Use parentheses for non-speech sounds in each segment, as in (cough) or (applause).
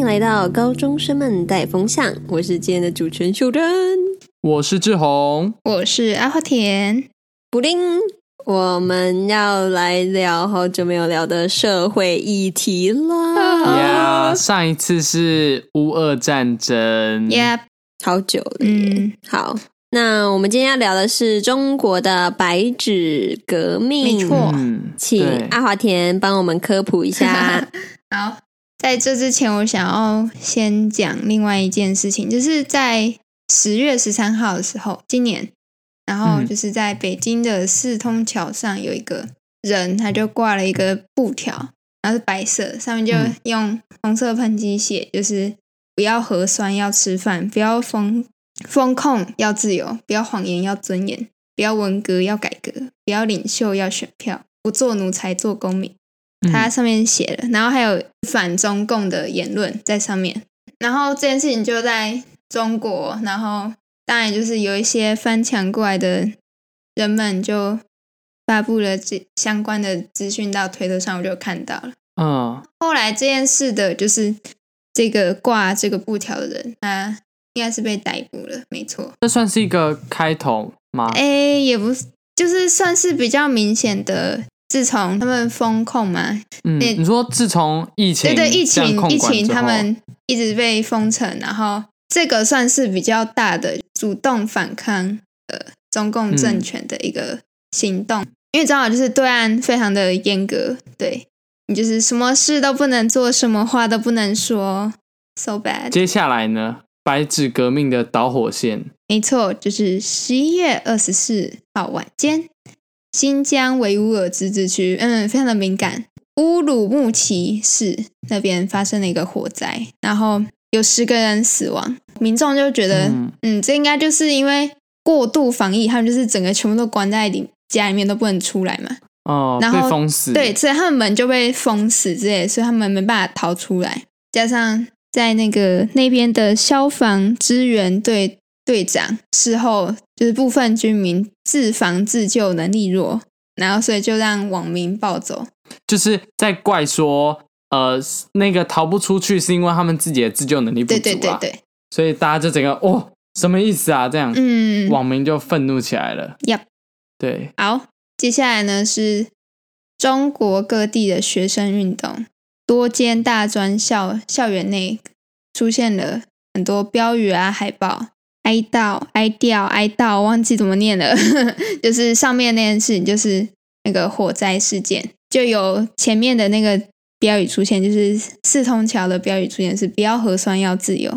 歡迎來到高中生們帶風向，我是今天的主持人秀貞，我是志宏，我是阿華田，不靈，我們要來聊好久沒有聊的社會議題了。呀、啊，yeah, 上一次是烏俄戰爭，耶，Yeah. 好久了、嗯、好，那我們今天要聊的是中國的白紙革命，沒錯錯，請阿華田幫我們科普一下。 (laughs) 好。在這之前，我想要先講另外一件事情，就是在十月十三號的時候，今年，然後就是在北京的四通橋上有一個人，他就掛了一個布條，然後是白色，上面就用紅色噴漆寫，就是不要核酸要吃飯，不要封封控要自由，不要謊言要尊嚴，不要文革要改革，不要領袖要選票，不做奴才做公民。他上面寫了，嗯、然後還有反中共的言論在上面，然後這件事情就在中國，然後當然就是有一些翻牆過來的人們就發布了這相關的資訊到推特上，我就看到了。嗯，後來這件事的就是這個掛這個布條的人，他應該是被逮捕了，沒錯。這算是一個開頭嗎？哎，也不是，就是算是比較明顯的。自從他們封控嘛，嗯，你說自從疫情，對對對，疫情疫情，他們一直被封城，然後這個算是比較大的主動反抗呃中共政權的一個行動，嗯，因為正好就是對岸非常的嚴格，對你就是什麼事都不能做，什麼話都不能說，so bad。接下來呢，白紙革命的導火線，沒錯，就是十一月二十四號晚間。新疆維吾爾自治區，嗯，非常的敏感。烏魯木齊市那邊發生了一個火災，然後有十個人死亡，民眾就覺得，嗯，嗯，這應該就是因為過度防疫，他們就是整個全部都關在裡家裡面都不能出來嘛。哦，然後被封死。對，所以他們門就被封死之類，所以他們沒辦法逃出來。加上在那個那邊的消防支援隊。隊長事後就是部分居民自防自救能力弱，然後所以就讓網民暴走，就是在怪說，呃，那個逃不出去是因為他們自己的自救能力不足啊，對對對對，所以大家就整個哦，什麼意思啊？這樣，嗯，網民就憤怒起來了。Yep. 對，好，接下來呢是中國各地的學生運動，多間大專校校園內出現了很多標語啊、海報。哀悼，哀掉，哀悼，忘記怎麼念了。 (laughs) 就是上面那件事就是那個火災事件，就有前面的那個標語出現，就是四通橋的標語出現是“不要核酸，要自由”。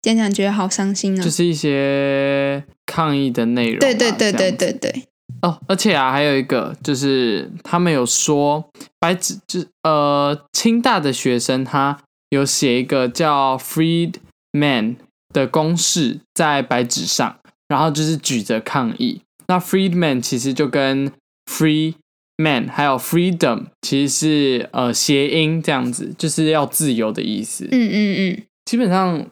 經常覺得好傷心啊，哦。就是一些抗議的內容，啊。對對對對對對。哦，而且啊，還有一個就是他們有說，白紙就是呃，清大的學生他有寫一個叫 “Freedman”。的公式在白紙上，然後就是舉着抗議。那 freedman 其實就跟 free man 還有 freedom 其實是呃諧音這樣子，就是要自由的意思。嗯嗯嗯。嗯嗯基本上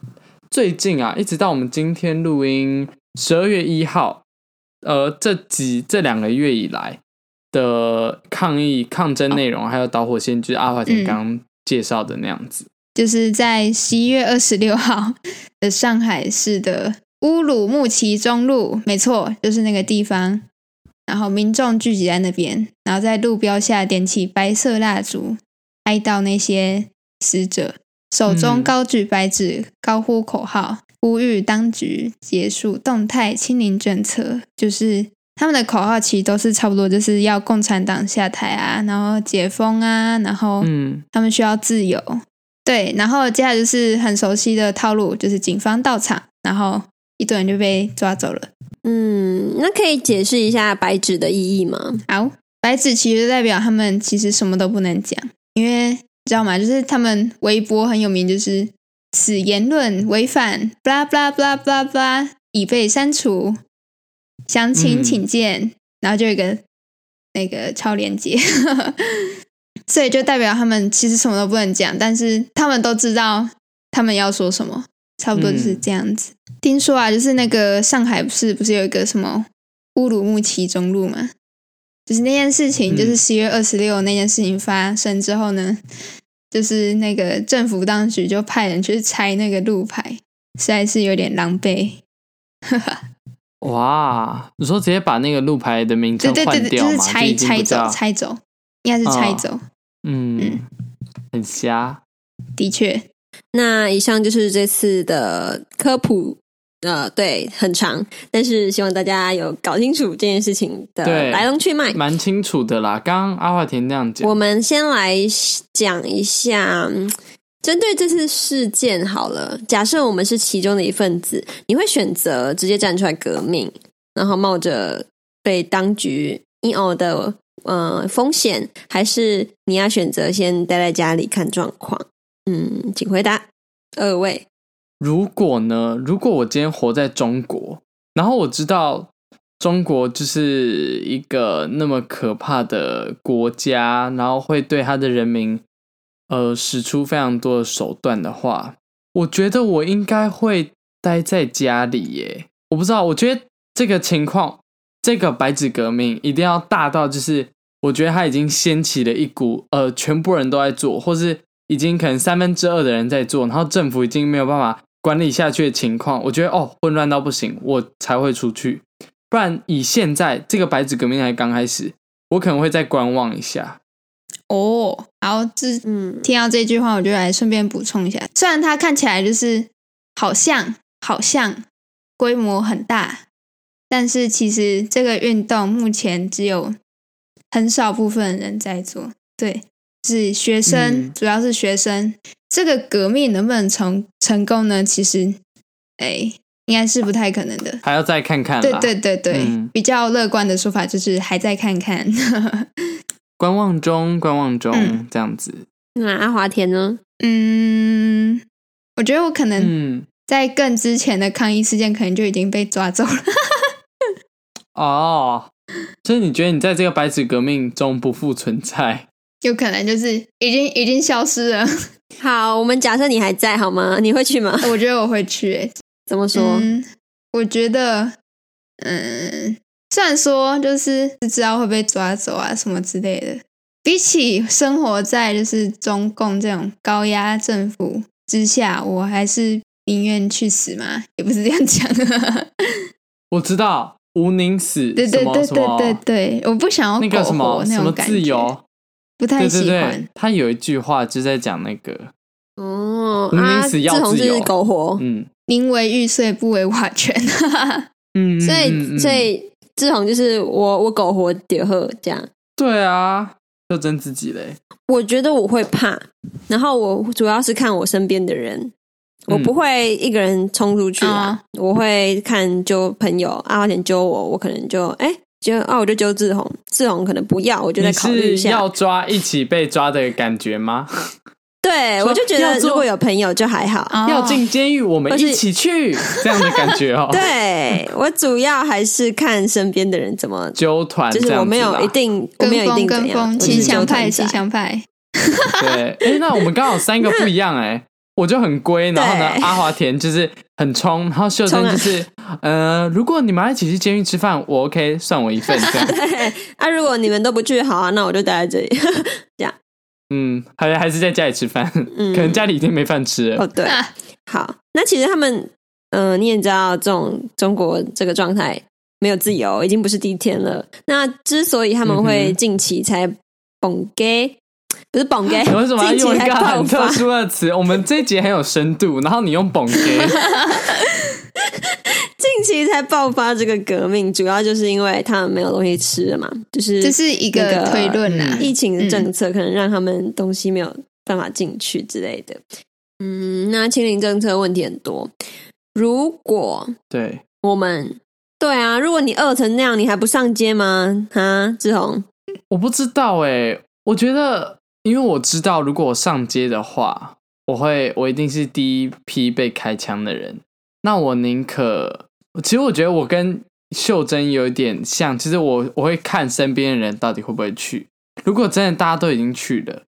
最近啊，一直到我們今天錄音十二月一號，呃，這幾這兩個月以來的抗議抗爭內容，還有導火線，就是阿華田剛介紹的那樣子。嗯就是在十一月二十六號的上海市的烏魯木齊中路，沒錯，就是那個地方。然後民眾聚集在那邊，然後在路標下點起白色蠟燭，哀悼那些死者，手中高舉白紙，嗯，高呼口號，呼籲當局結束動態清零政策。就是他們的口號其實都是差不多，就是要共產黨下台啊，然後解封啊，然後嗯，他們需要自由。對，然後接下來就是很熟悉的套路，就是警方到場，然後一堆人就被抓走了。嗯，那可以解釋一下白紙的意義嗎？好，白紙其實代表他們其實什麼都不能講，因為你知道嗎？就是他們微博很有名，就是此言論違反，blah blah blah blah blah，已被刪除，詳情請見，嗯、然後就有一個那個超鏈接。 (laughs) 所以就代表他們其實什麼都不能講，但是他們都知道他們要說什麼，差不多就是這樣子。嗯、聽說啊，就是那個上海不是不是有一個什麼烏魯木齊中路嘛？就是那件事情，就是七月二十六那件事情發生之後呢，嗯、就是那個政府當局就派人去拆那個路牌，實在是有點狼狽。哈哈，哇，你說直接把那個路牌的名字對對對，就是拆就拆走，拆走，應該是拆走。啊嗯，嗯，很瞎，的確。那以上就是這次的科普，呃，對，很長，但是希望大家有搞清楚這件事情的來龍去脈，蠻清楚的啦。剛剛阿華田那樣講，我們先來講一下，針對這次事件，好了，假設我們是其中的一份子，你會選擇直接站出來革命，然後冒着被當局，因熬的呃風險，還是你要選擇先待在家裡看狀況？嗯，請回答，二位。如果呢？如果我今天活在中國，然後我知道中國就是一個那麼可怕的國家，然後會對他的人民呃使出非常多的手段的話，我覺得我應該會待在家裡耶。我不知道，我覺得這個情況。這個白紙革命一定要大到，就是我覺得它已經掀起了一股，呃，全部人都在做，或是已經可能三分之二的人在做，然後政府已經沒有辦法管理下去的情況。我覺得哦，混亂到不行，我才會出去。不然以現在這個白紙革命才剛開始，我可能會再觀望一下。哦，然後，這嗯，聽到這句話，我就來順便補充一下，雖然它看起來就是好像好像規模很大。但是其實這個運動目前只有很少部分人在做，對，是學生，嗯、主要是學生。這個革命能不能成成功呢？其實，哎，應該是不太可能的，還要再看看。對對對對，嗯、比較樂觀的說法就是還在看看， (laughs) 觀望中，觀望中、嗯、這樣子。那阿華田呢？嗯，我覺得我可能在更之前的抗議事件，可能就已經被抓走了。哦，所以你覺得你在這個白紙革命中不復存在，有可能就是已經已經消失了。好，我們假設你還在，好嗎？你會去嗎？我覺得我會去欸。怎麼說？嗯，我覺得，嗯，雖然說就是不知道會被抓走啊什麼之類的，比起生活在就是中共這種高壓政府之下，我還是寧願去死嘛。也不是這樣講啊。我知道。無寧死，對對對對對對，我不想要那個什麼那感覺什麼自由，不太喜歡對對對。他有一句話就在講那個哦，嗯、無寧死要自由苟、啊、活，嗯，寧為玉碎不為瓦全， (laughs) 嗯，嗯，嗯，嗯所，所以所以志宏就是我我苟活疊鶴這樣，對啊，就真自己嘞。我覺得我會怕，然後我主要是看我身邊的人。我不會一個人衝出去、嗯、我會看揪朋友。阿華田揪我，我可能就哎，就、欸、啊，我就揪志宏。志宏可能不要，我就在考慮一下。是要抓一起被抓的感覺嗎？對說 我就覺得如果有朋友就還好。要進監獄，我們一起去是這樣的感覺哦、喔。對我主要還是看身邊的人怎麼 (laughs) 揪團，就是我沒有一定，我沒有一定怎樣。跟風跟風。騎牆派，騎牆派。 (laughs) 對，哎、欸，那我們剛好三個不一樣、欸，哎。我就很龜，然後呢，對阿華田就是很衝，然後秀貞就是，了呃，如果你們一起去監獄吃飯，我 OK，算我一份這樣 (laughs) 對。啊，如果你們都不去，好啊，那我就待在這裡 (laughs) 這樣。嗯，好像，還是在家裡吃飯，嗯、可能家裡已經沒飯吃了。哦，對，好，那其實他們，嗯、呃，你也知道，這種中國這個狀態沒有自由，已經不是第一天了。那之所以他們會近期才崩給。嗯不是捧哏？為什麼要用一個很特殊的詞？我們這一節很有深度，然後你用捧哏？近期才爆發這個革命，主要就是因為他們沒有東西吃了嘛。就是這是一個推論啦。疫情的政策可能讓他們東西沒有辦法進去之類的。嗯，那清零政策問題很多。如果對我們對啊，如果你餓成那樣，你還不上街嗎？哈志宏，我不知道哎、欸，我覺得。因為我知道，如果我上街的話，我會我一定是第一批被開槍的人。那我寧可，其實我覺得我跟秀貞有一點像。其實我我會看身邊的人到底會不會去。如果真的大家都已經去了，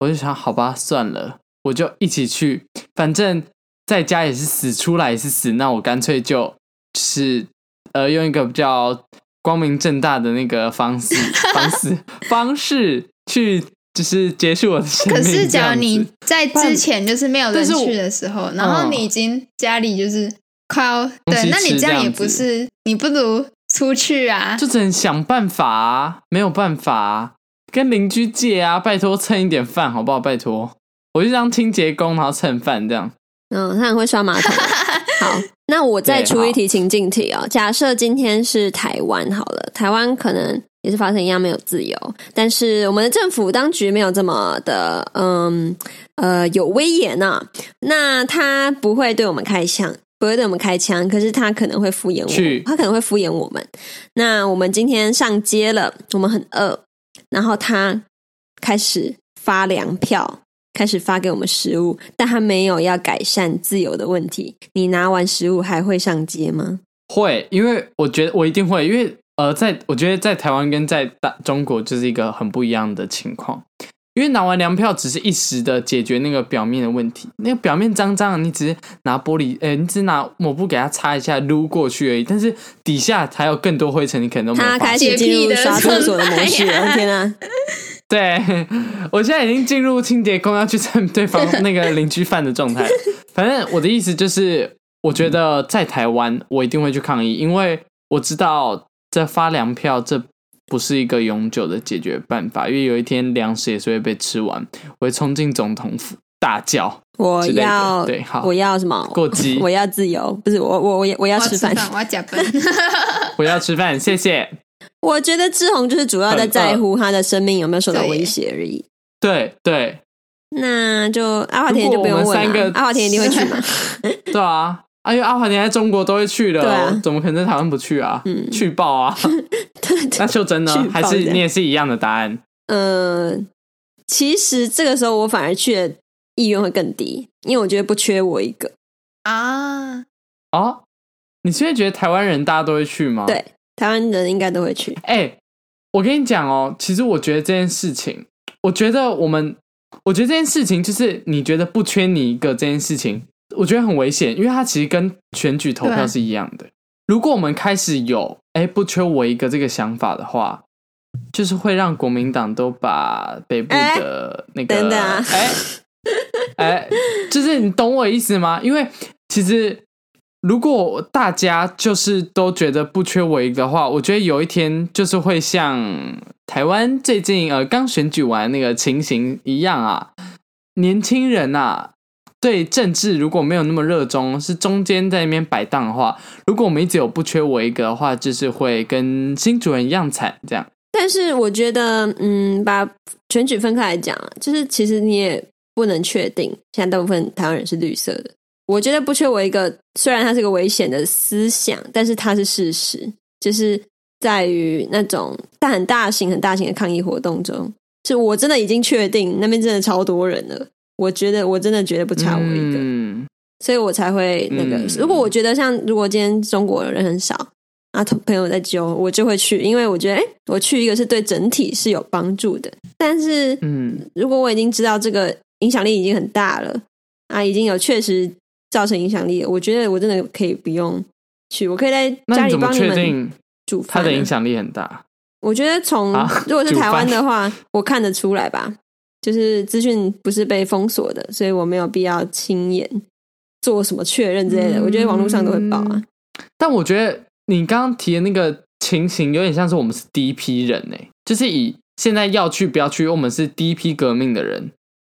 我就想好吧，算了，我就一起去。反正在家也是死，出來也是死，那我乾脆就、就是呃，用一個比較光明正大的那個方式 (laughs) 方式方式去。就是結束我的生命。可是，假如你在之前就是沒有人去的時候，然後你已經家裡就是快要、哦、對、對，那你這樣也不是你不如出去啊？就只能想辦法啊，沒有辦法、啊，跟鄰居借啊，拜託蹭一點飯好不好？拜託，我就當清潔工，然後蹭飯這樣。嗯，他很會刷馬桶、啊。 (laughs) 好，那我再出一題情境題哦。假設今天是台灣好了，台灣可能。也是發生一樣沒有自由，但是我們的政府當局沒有這麼的嗯呃有威嚴啊。那他不會對我們開槍，不會對我們開槍，可是他可能會敷衍我，去他可能會敷衍我們。那我們今天上街了，我們很餓，然後他開始發糧票，開始發給我們食物，但他沒有要改善自由的問題。你拿完食物還會上街嗎？會，因為我覺得我一定會，因為。呃，在我覺得在台灣跟在大中國就是一個很不一樣的情況，因為拿完糧票只是一時的解決那個表面的問題，那個表面髒髒，你只是拿玻璃、欸，你只拿抹布給它擦一下，擼過去而已。但是底下還有更多灰塵，你可能都沒有。他開始進入刷廁所的模式，的模式，天啊！ (laughs) 對，我現在已經進入清潔工要去蹭對方那個鄰居飯的狀態。反正我的意思就是，我覺得在台灣，我一定會去抗議，因為我知道。這發糧票，這不是一個永久的解決辦法，因為有一天糧食也是會被吃完。我會衝進總統府大叫：“我要對好，我要什麼過激雞，我要自由，不是我我我，我要我要吃飯，我要加班， (laughs) 我要吃飯，謝謝。”我覺得志宏就是主要在在乎他的生命有沒有受到威脅而已。對對，對對那就阿華田就不用問了，我三個阿華田你會去嗎？對， (laughs) 對啊。哎、呦啊！因為阿華田你在中國都會去的，啊、怎麼可能在台灣不去啊？嗯，去報啊！ (laughs) (laughs) (laughs) 那秀貞呢？還是你也是一樣的答案？嗯、呃，其實這個時候我反而去的意願會更低，因為我覺得不缺我一個啊！哦，你現在覺得台灣人大家都會去嗎？對，台灣人應該都會去。哎、欸，我跟你講哦，其實我覺得這件事情，我覺得我們，我覺得這件事情就是你覺得不缺你一個這件事情。我覺得很危險，因為它其實跟選舉投票是一樣的。對如果我們開始有“欸、不缺我一個”這個想法的話，就是會讓國民黨都把北部的那個等等啊，哎哎，就是你懂我意思嗎？因為其實如果大家就是都覺得不缺我一個的話，我覺得有一天就是會像台灣最近呃剛選舉完那個情形一樣啊，年輕人吶、啊。所以政治如果沒有那麼熱衷，是中間在那邊擺盪的話，如果我們一直有不缺我一個的話，就是會跟新主人一樣慘這樣。但是我覺得，嗯，把全局分開來講，就是其實你也不能確定，現在大部分台灣人是綠色的。我覺得不缺我一個，雖然它是一個危險的思想，但是它是事實，就是在於那種大很大型、很大型的抗議活動中，就我真的已經確定那邊真的超多人了。我覺得我真的覺得不差我一個，嗯、所以我才會那個。嗯、如果我覺得像，如果今天中國人很少、嗯、啊，同朋友在揪我就會去，因為我覺得哎，我去一個是對整體是有幫助的。但是，嗯，如果我已經知道這個影響力已經很大了啊，已經有確實造成影響力了，我覺得我真的可以不用去，我可以在家裡幫你們煮飯。那你怎麼確定他的影響力很大？我覺得從、啊、如果是台灣的話，飯我看得出來吧。就是資訊不是被封鎖的，所以我沒有必要親眼做什麼確認之類的。嗯、我覺得網絡上都會報啊。但我覺得你剛剛提的那個情形，有點像是我們是第一批人誒、欸，就是以現在要去不要去，我們是第一批革命的人。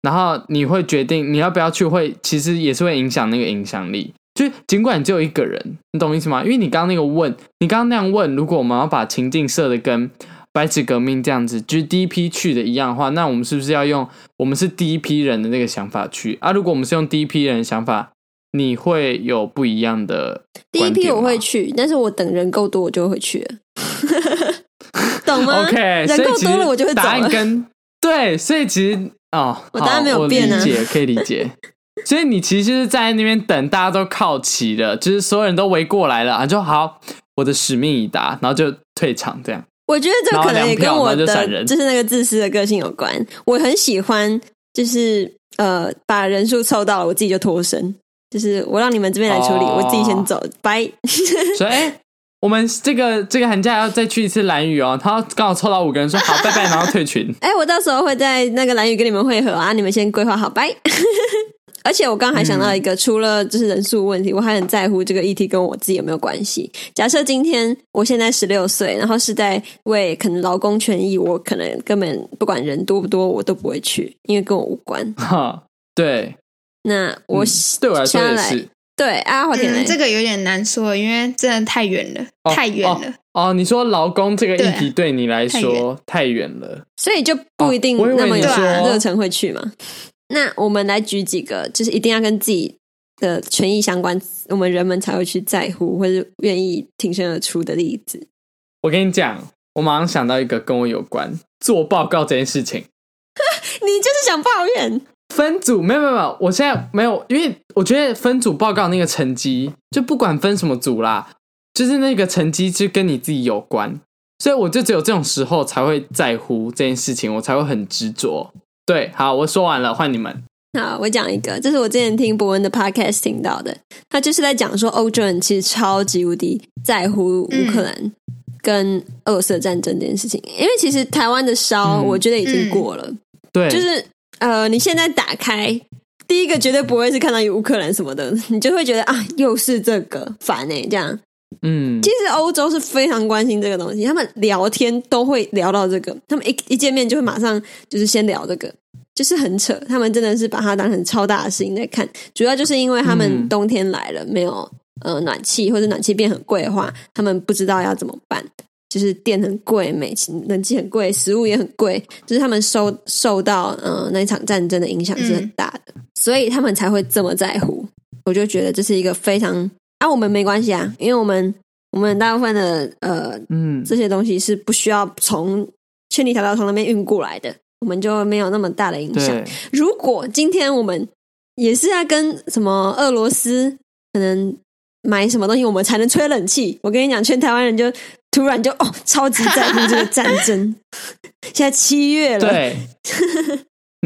然後你會決定你要不要去會，會其實也是會影響那個影響力。就是儘管你只有一個人，你懂意思嗎？因為你剛剛那個問，你剛剛那樣問，如果我們要把情境設得跟。白紙革命這樣子，就是第一批去的一樣的話，那我們是不是要用我們是第一批人的那個想法去啊？如果我們是用第一批人的想法，你會有不一樣的？第一批我會去，但是我等人夠多，我就會去。 (laughs) 懂嗎？OK，人夠多了，我就會。答案跟對，所以其實哦，我答案沒有變啊，可以理解。所以你其實是在那邊等，大家都靠齊了，就是所有人都圍過來了，啊，就好，我的使命已達，然後就退場這樣。我覺得這可能也跟我的就是那個自私的個性有關。我很喜歡，就是呃，把人數湊到了，我自己就脫身，就是我讓你們這邊來處理，我自己先走，拜。所以，我們這個這個寒假要再去一次蘭嶼哦。他剛好湊到五個人，說好拜拜，然後退群。哎，我到時候會在那個蘭嶼跟你們會合啊，你們先規劃好，拜。而且我剛，剛還想到一個，嗯、除了就是人數問題，我還很在乎這個議題跟我自己有沒有關係。假設今天我現在十六歲，然後是在為可能勞工權益，我可能根本不管人多不多，我都不會去，因為跟我無關。哈、啊，對。那我、嗯、對我來說也是。來，對啊，我覺得這個有點難說，因為真的太遠了，哦、太遠了哦。哦，你說勞工這個議題對你來說、啊、太遠太遠了，所以就不一定那麼有熱忱會去嘛。啊那我們來舉幾個，就是一定要跟自己的權益相關，我們人們才會去在乎或者願意挺身而出的例子。我跟你講，我馬上想到一個跟我有關做報告這件事情。你就是想抱怨分組？沒有，沒有沒有，我現在沒有，因為我覺得分組報告那個成績，就不管分什麼組啦，就是那個成績就跟你自己有關，所以我就只有這種時候才會在乎這件事情，我才會很執着。對，好，我說完了，換你們。好，我講一個，這是我之前聽博文的 podcast 聽到的，他就是在講說，歐洲人其實超級無敵在乎烏克蘭跟二色戰爭這件事情，嗯、因為其實台灣的燒，我覺得已經過了，嗯嗯、對，就是呃，你現在打開第一個絕對不會是看到有烏克蘭什麼的，你就會覺得啊，又是這個煩哎、欸，這樣。嗯，其實歐洲是非常關心這個東西，他們聊天都會聊到這個，他們一一見面就會馬上就是先聊這個，就是很扯，他們真的是把它當成超大的事情在看。主要就是因為他們冬天來了，沒有呃暖氣或者暖氣變很貴的話，他們不知道要怎麼辦，就是電很貴，煤氣、暖氣很貴，食物也很貴，就是他們受受到嗯、呃、那一場戰爭的影響是很大的，嗯、所以他們才會這麼在乎。我就覺得這是一個非常。啊，我們沒關係啊，因為我們我們大部分的呃，嗯，這些東西是不需要從千里迢迢從那邊運過來的，我們就沒有那麼大的影響。對如果今天我們也是要跟什麼俄羅斯可能買什麼東西，我們才能吹冷氣。我跟你講，全台灣人就突然就哦，超級在乎這個戰爭。 (laughs) 現在七月了。對。 (laughs)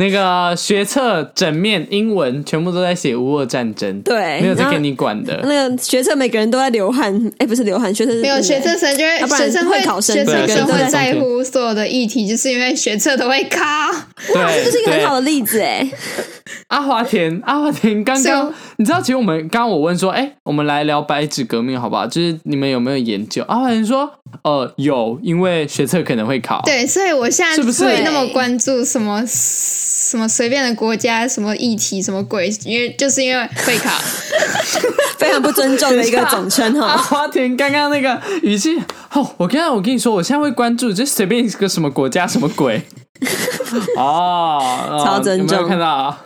那個學測整面英文，全部都在寫俄烏戰爭，對，沒有在跟你管的。那個學測每個人都在流汗，哎，不是流汗，學測沒有學測神，就會，啊、不學生會考生會，學生，學生會在乎所有的議題，就是因為學測都會卡。對哇，這是一個很好的例子哎。阿華田，阿華田剛剛，剛剛 So, 你知道，其實我們剛剛我問說，哎、欸，我們來聊白紙革命好不好？就是你們有沒有研究？阿華田說，呃，有，因為學測可能會考。對，所以我現在是不是會那麼關注什麼什麼隨便的國家什麼議題什麼鬼？因為就是因為會考， (laughs) 非常不尊重的一個總稱哈、 (laughs) 啊。阿華田剛剛那個語氣，哦，我剛剛我跟你說，我現在會關注，就是隨便一個什麼國家什麼鬼，哦， (laughs) 超尊重，啊、有沒有看到、啊？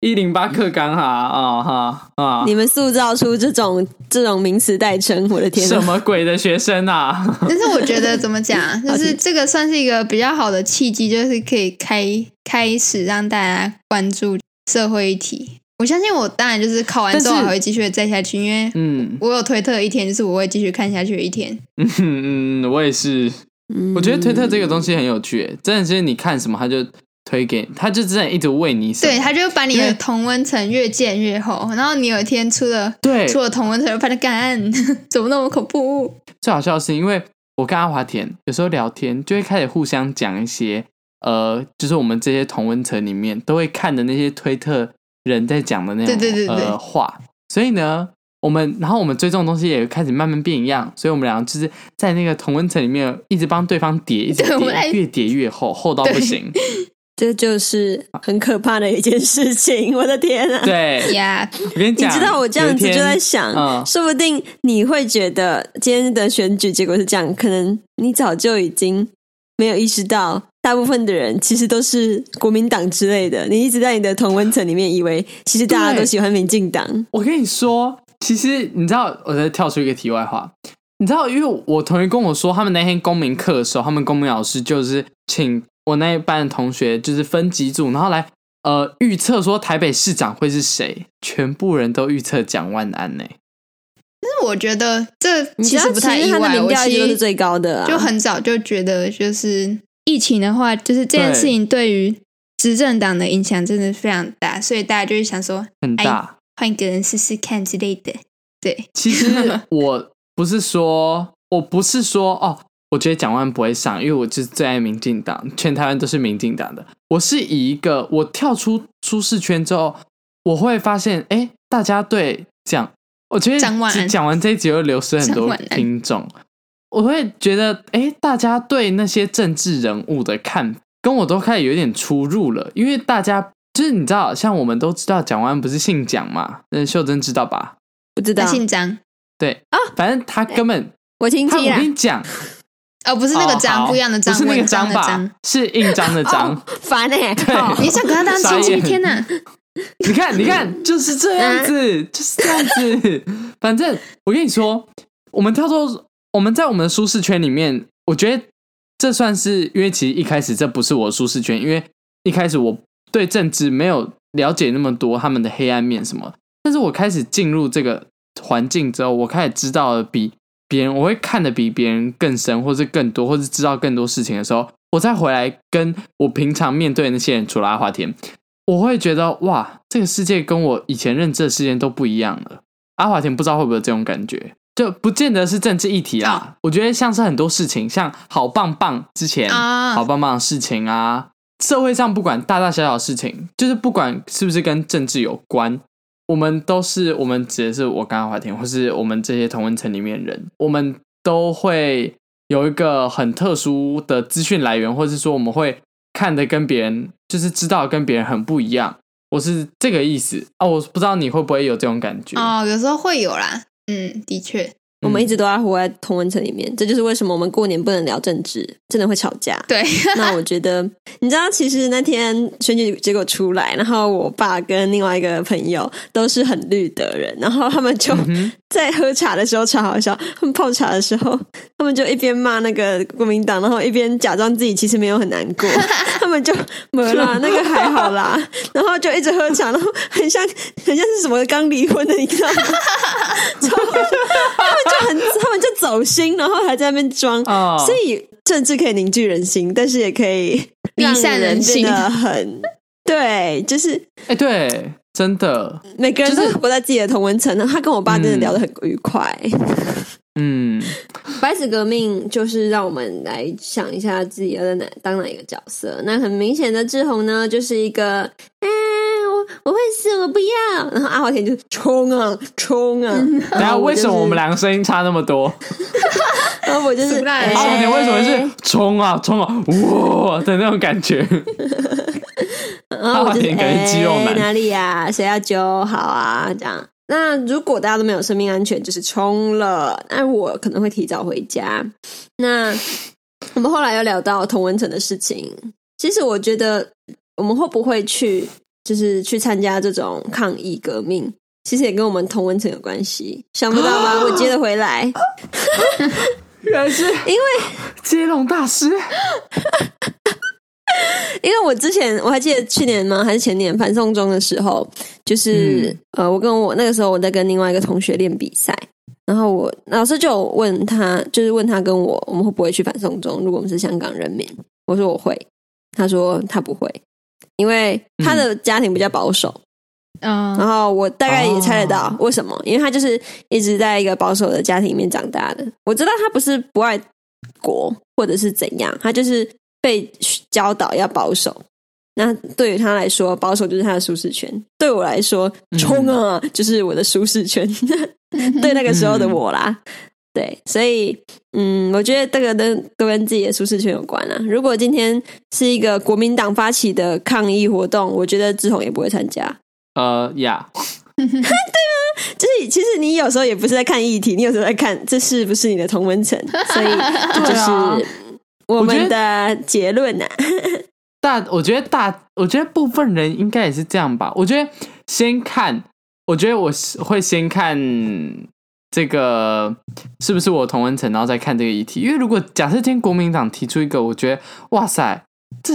一零八課剛好啊、嗯哦、哈啊！哦、你們塑造出這種這種名詞代稱，我的天！什麼鬼的學生啊！ (laughs) 但是我覺得怎麼講，就是這個算是一個比較好的契機，聽就是可以開開始讓大家關注社會議題。我相信我當然就是考完之後還會繼續再下去，是因為嗯，我有推特一天，嗯、就是我會繼續看下去的一天。嗯嗯，我也是。嗯、我覺得推特這個東西很有趣，真的是你看什麼他就。推給他就真的一直餵你，對，他就把你的同溫層越建越厚，為然後你有一天出了，對，出了同溫層就怕，突然幹，怎麼那麼恐怖？最好笑的是，因為我跟阿華田有時候聊天，就會開始互相講一些，呃，就是我們這些同溫層裡面都會看的那些推特人在講的那種，對，對，對，對，對、呃、話。所以呢，我們然後我們追這種的東西也開始慢慢變一樣，所以我們倆就是在那個同溫層裡面一直幫對方疊，一直疊，越疊越厚，厚到不行。這就是很可怕的一件事情，好我的天啊！對呀，我跟你講， (laughs) 你知道我這樣子天就在想，說不定你會覺得今天的選舉結果是這樣，嗯、可能你早就已經沒有意識到，大部分的人其實都是國民黨之類的，你一直在你的同溫層裡面，以為其實大家都喜歡民進黨。我跟你說，其實你知道我在跳出一個題外話，你知道，因為我同學跟我說，他們那天公民課的時候，他們公民老師就是請。我那一班的同學就是分幾組，然後來呃預測說台北市長會是誰，全部人都預測蔣萬安呢、欸。但是我覺得這其實不太意外，他的民調就是最高的，就很早就覺得，就是好疫情的話，就是這件事情對於執政黨的影響真的非常大，對所以大家就是想說很大換一個人試試看之類的。對，其實 (laughs) 我不是說我不是說哦。我覺得蔣萬不會上，因為我就是最愛民進黨，全台灣都是民進黨的。我是以一個我跳出舒適圈之後，我會發現，哎、欸，大家對講我覺得講完這一集會流失很多聽眾。我會覺得，哎、欸，大家對那些政治人物的看跟我都開始有點出入了。因為大家就是你知道，像我們都知道蔣萬不是姓蔣嘛，那秀貞知道吧？不知道姓張，對啊，哦、反正他根本、欸、我聽,聽他我跟你講。哦，不是那個章，哦、不一樣的章，不是那個章吧？是印章的章，煩欸、哦！欸、對，哦、你想跟他當親戚一天吶、啊。你看，你看，就是這樣子，啊、就是這樣子。 (laughs) 反正我跟你說，我們跳出我們在我們的舒適圈裡面，我覺得這算是因為其實一開始這不是我舒適圈，因為一開始我對政治沒有了解那麼多他們的黑暗面什麼。但是我開始進入這個環境之後，我開始知道了比。別人我會看得比別人更深，或者更多，或者知道更多事情的時候，我再回來跟我平常面對的那些人，除了阿華田，我會覺得哇，這個世界跟我以前認知的世界都不一樣了。阿華田不知道會不會有這種感覺，就不見得是政治議題啊。我覺得像是很多事情，像好棒棒之前好棒棒的事情啊，社會上不管大大小小的事情，就是不管是不是跟政治有關。我們都是，我們指的是我跟阿華田，或是我們這些同溫層裡面的人，我們都會有一個很特殊的資訊來源，或是說我們會看的跟別人，就是知道跟別人很不一樣。我是這個意思啊、哦，我不知道你會不會有這種感覺啊、哦？有時候會有啦，嗯，的確。我們一直都在活在同溫層裡面，嗯、這就是為什麼我們過年不能聊政治，真的會吵架。對， (laughs) 那我覺得你知道，其實那天選舉結果出來，然後我爸跟另外一個朋友都是很綠的人，然後他們就在喝茶的時候吵好笑。他們泡茶的時候，他們就一邊罵那個國民黨，然後一邊假裝自己其實沒有很難過。 (laughs) 他們就沒啦，那個還好啦。 (laughs) 然後就一直喝茶，然後很像，很像是什麼剛離婚的，你知道嗎？ (laughs) (laughs) 他們就很，他們就走心，然後還在那邊裝。哦、所以政治可以凝聚人心，但是也可以離散人心。真的、嗯、很對，就是，哎，欸、對，真的，每個人都活在自己的同溫層。就是、他跟我爸真的聊得很愉快。嗯嗯，白紙革命就是讓我們來想一下自己要在哪當哪一個角色。那很明顯的志宏呢，就是一個，嗯、啊，我我會死，我不要。然後阿華田就衝啊衝啊！然後為什麼我們兩個聲音差那麼多？ (laughs) 然後我就是阿華田為什麼是衝啊衝啊哇的那種感覺。阿華田可以肌肉在哪裡呀、啊？誰要揪好啊？這樣。那如果大家都沒有生命安全，就是衝了。那我可能會提早回家。那我們後來又聊到同溫層的事情。其實我覺得，我們會不會去，就是去參加這種抗議革命？其實也跟我們同溫層有關係。想不到吧？我接着回來，原來是因為接龍大師。 (laughs) 因為我之前我還記得去年嗎？還是前年反送中的時候，就是、嗯、呃，我跟我那個時候我在跟另外一個同學練比賽，然後我老師就問他，就是問他跟我我們會不會去反送中？如果我們是香港人民，我說我會，他說他不會，因為他的家庭比較保守。嗯，然後我大概也猜得到為什麼，哦、因為他就是一直在一個保守的家庭裡面長大的。我知道他不是不愛國或者是怎樣，他就是。被教導要保守，那對於他來說，保守就是他的舒適圈；對我來說，衝、嗯、啊、嗯、就是我的舒適圈。 (laughs) 對那個時候的我啦，嗯、對，所以嗯，我覺得這個都都跟，跟自己的舒適圈有關啦、啊。如果今天是一個國民黨發起的抗議活動，我覺得志宏也不會參加。呃呀， (laughs) 對啊，就是其實你有時候也不是在看議題，你有時候在看這是不是你的同溫層，所以就、就是。 (laughs) 我們的結論呢、啊？ (laughs) 大，我覺得大，我覺得部分人應該也是這樣吧。我覺得先看，我覺得我會先看這個是不是我同溫層，然後再看這個議題。因為如果假設今天國民黨提出一個，我覺得哇塞，這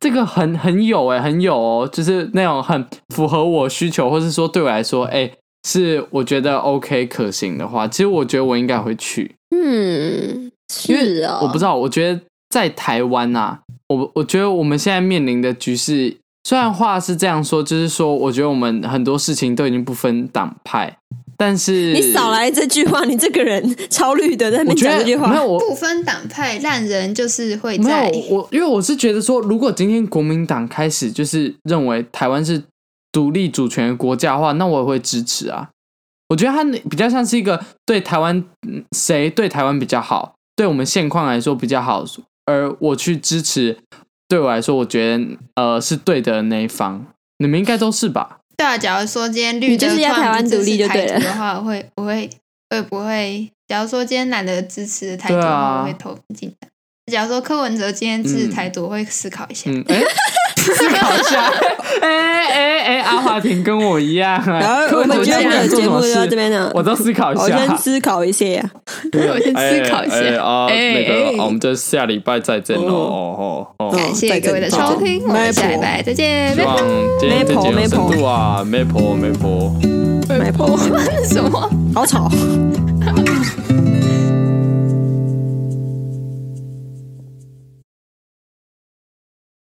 這個很很有哎、欸，很有哦，就是那種很符合我需求，或是說對我來說，哎，是我覺得 OK 可行的話，其實我覺得我應該會去。嗯，去啊、哦，我不知道，我覺得。在台灣啊，我我覺得我們現在面臨的局勢，雖然話是這樣說，就是說，我覺得我們很多事情都已經不分黨派，但是你少來這句話，你這個人超綠的，在那邊講這句話，不分黨派讓人就是會在我，因為我是覺得說，如果今天國民黨開始就是認為台灣是獨立主權的國家的話，那我也會支持啊，我覺得他比較像是一個對台灣，誰對台灣比較好，對我們現況來說比較好。而我去支持，對我來說，我覺得呃是對的那一方。你們應該都是吧？對啊，假如說今天綠的，你就是要台灣獨立就,台獨就對了的話，會不會會不會？假如說今天藍的支持台獨的話，我會投進、啊、假如說柯文哲今天支持台獨，嗯、我會思考一下。嗯 (laughs) 思考一下，哎哎哎，阿華田跟我一樣，然後我們今天的節目就到這邊了。我在思考一下，我先思考一下，我先思考一下哎，那個我們就下禮拜再見嘍，哦哦哦，感謝各位的收聽，我們拜拜再見，梅婆梅婆梅婆梅婆梅婆什麼什麼好吵。